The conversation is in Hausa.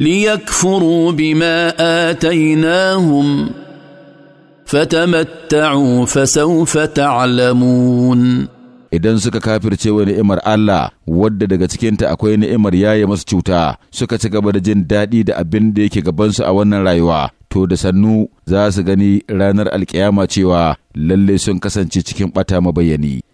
ليكفروا بما اتيناهم فتمتعوا فسوف تعلمون idan suka kafirce wa ni'imar Allah wadda daga cikinta akwai ni'imar yaye masu cuta suka ci gaba da jin daɗi da abin da yake gabansu a wannan rayuwa to da sannu za su gani ranar alkiyama cewa lalle sun kasance cikin ɓata mabayani.